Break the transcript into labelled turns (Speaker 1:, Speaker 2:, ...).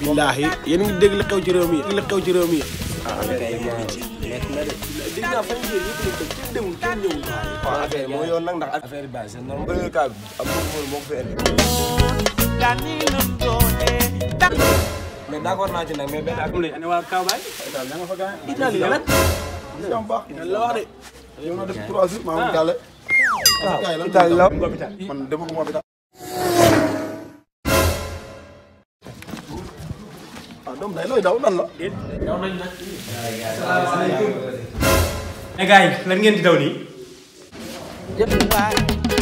Speaker 1: billaahi yéen ngi dégg li xew ci réew mi li xew ci réew mi. ah kay ma nekk
Speaker 2: na de. dégg naa fan yii yëpp lañ ko kenn demul kenn ñëwul. waaw affaire moo yoon nag ndax affaire bi baax c'est normal. premier cas bi am na moom moo ko fi
Speaker 3: indi. mais d'accord naa ci nag mais benn ak. ne waa Kaolack. Italie nga fa gaañ. Italie lan. jàmm baax la wax de.
Speaker 4: yow na def trois jours maa ngi gàlle. waaw ah. Italie la man demaguma Italie.
Speaker 5: waaw doom day looy daw lan la. daw nañ nag. salaamaaleykum.
Speaker 3: mais gars yi lan ngeen di daw
Speaker 5: nii.